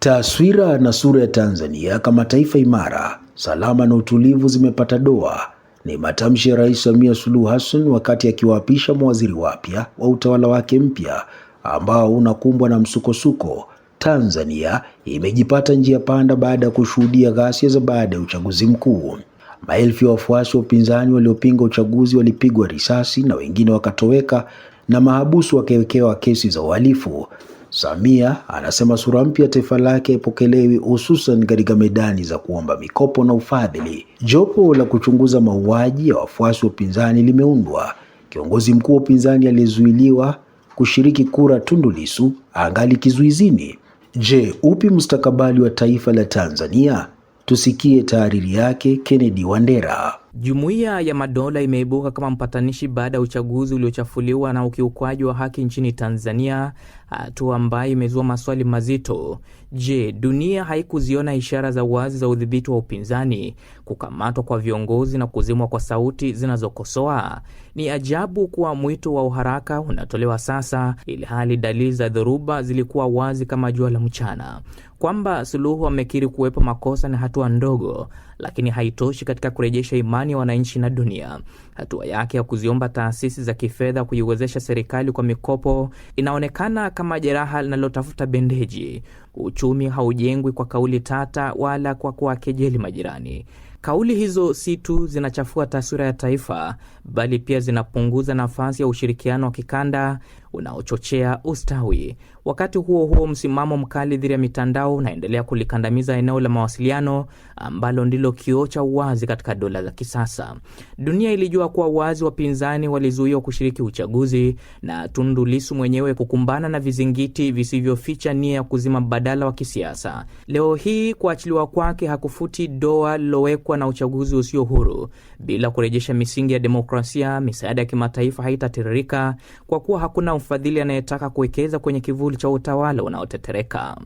Taswira na sura ya Tanzania kama taifa imara, salama na utulivu zimepata doa. Ni matamshi ya Rais Samia Suluhu Hassan wakati akiwaapisha mawaziri wapya wa utawala wake mpya ambao unakumbwa na msukosuko. Tanzania imejipata njia panda baada ya kushuhudia ghasia za baada ya uchaguzi mkuu. Maelfu ya wafuasi wa upinzani waliopinga uchaguzi walipigwa risasi na wengine wakatoweka na mahabusu wakawekewa kesi za uhalifu. Samia anasema sura mpya taifa lake ipokelewi hususan katika medani za kuomba mikopo na ufadhili. Jopo la kuchunguza mauaji ya wafuasi wa upinzani limeundwa. Kiongozi mkuu wa upinzani aliyezuiliwa kushiriki kura Tundu Lissu angali kizuizini. Je, upi mustakabali wa taifa la Tanzania? Tusikie tahariri yake Kennedy Wandera. Jumuiya ya Madola imeibuka kama mpatanishi baada ya uchaguzi uliochafuliwa na ukiukwaji wa haki nchini Tanzania hatua ambayo imezua maswali mazito. Je, dunia haikuziona ishara za wazi za udhibiti wa upinzani, kukamatwa kwa viongozi na kuzimwa kwa sauti zinazokosoa? Ni ajabu kuwa mwito wa uharaka unatolewa sasa, hali dalili za dhoruba zilikuwa wazi kama jua la mchana. Kwamba Suluhu amekiri kuwepo makosa na hatua ndogo, lakini haitoshi katika kurejesha imani ya wananchi na dunia. Hatua yake ya kuziomba taasisi za kifedha kuiwezesha serikali kwa mikopo inaonekana kama jeraha linalotafuta bendeji uchumi haujengwi kwa kauli tata wala kwa kuwakejeli majirani. Kauli hizo si tu zinachafua taswira ya taifa, bali pia zinapunguza nafasi ya ushirikiano wa kikanda unaochochea ustawi. Wakati huo huo, msimamo mkali dhidi ya mitandao unaendelea kulikandamiza eneo la mawasiliano ambalo ndilo kioo cha uwazi katika dola za kisasa. Dunia ilijua kuwa wazi wapinzani walizuiwa kushiriki uchaguzi na Tundu Lissu mwenyewe kukumbana na vizingiti visivyoficha nia ya kuzima mbadala wa kisiasa. Leo hii kuachiliwa kwake hakufuti doa lilowekwa na uchaguzi usio huru. Bila kurejesha misingi ya demokrasia, misaada ya kimataifa haitatiririka kwa kuwa hakuna mfadhili anayetaka kuwekeza kwenye kivuli cha utawala unaotetereka.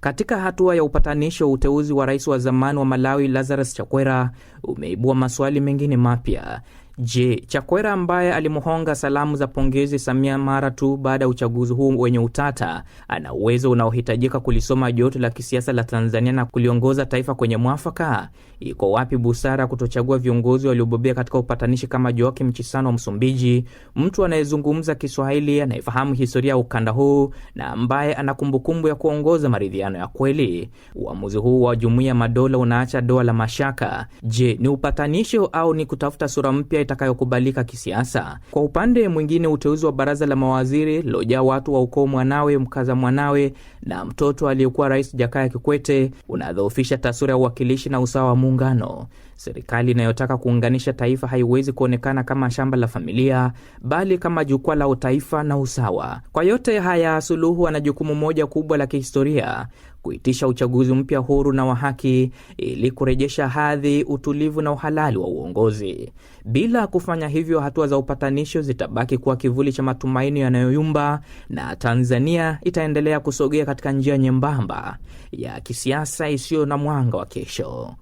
Katika hatua ya upatanisho, uteuzi wa rais wa zamani wa Malawi Lazarus Chakwera umeibua maswali mengine mapya. Je, Chakwera ambaye alimhonga salamu za pongezi Samia mara tu baada ya uchaguzi huu wenye utata, ana uwezo unaohitajika kulisoma joto la kisiasa la Tanzania na kuliongoza taifa kwenye mwafaka? Iko wapi busara kutochagua viongozi waliobobea katika upatanishi kama Joakim Chisano wa Msumbiji, mtu anayezungumza Kiswahili, anayefahamu historia ya ukanda huu na ambaye ana kumbukumbu ya kuongoza maridhiano ya kweli? Uamuzi huu wa Jumuiya Madola unaacha doa la mashaka. Je, ni upatanisho au ni kutafuta sura mpya itakayokubalika kisiasa. Kwa upande mwingine, uteuzi wa baraza la mawaziri lilojaa watu wa ukoo mwanawe mkaza mwanawe na mtoto aliyekuwa Rais Jakaya Kikwete unadhoofisha taswira ya uwakilishi na usawa wa muungano. Serikali inayotaka kuunganisha taifa haiwezi kuonekana kama shamba la familia, bali kama jukwaa la utaifa na usawa. Kwa yote haya, Suluhu ana jukumu moja kubwa la kihistoria: kuitisha uchaguzi mpya huru na wa haki, ili kurejesha hadhi, utulivu na uhalali wa uongozi. Bila kufanya hivyo, hatua za upatanisho zitabaki kuwa kivuli cha matumaini yanayoyumba, na Tanzania itaendelea kusogea katika njia nyembamba ya kisiasa isiyo na mwanga wa kesho.